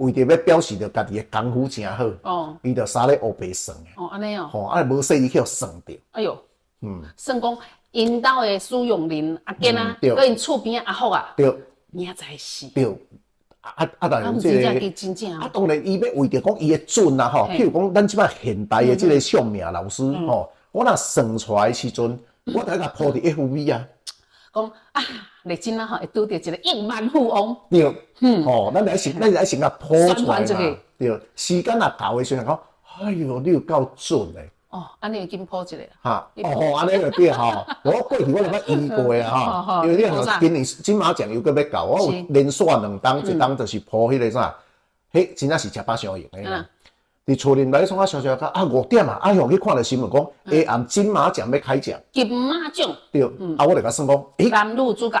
為着要表示着家己嘅功夫真好，伊著三日烏白算哦，安尼哦。吼，啊，無說伊去算着。哎呦，嗯。算講因兜嘅蘇永林阿堅啊，佮因厝邊阿福啊，明載死。對。阿阿大人，這。啊，當然伊要為著講伊嘅準啊，吼。譬如講咱即擺現代嘅即個相命老師，吼，我若算出來時陣，我得甲鋪佇 FV 啊。講啊。你真啊，會拄着一個億萬富翁，對，嗯，哦，咱你一成，咱你一成啊破財啦，要，時間啊搞嘅時候講，哎喲，你有夠準咧，哦，安尼又見破咗嚟啦，嚇，哦，安尼會變。哈，我過去，我有乜遇過啊？哈，因為啲人今年金馬獎又佢要搞，我連續兩當，一當就是破嗰個咋，嗰真係是七百上億嘅，喺村入嚟闖下小小，啊五點啊，啊向去看到新聞講，誒，按金馬獎要開獎，金馬獎，對，啊我嚟講算講誒，男女主角。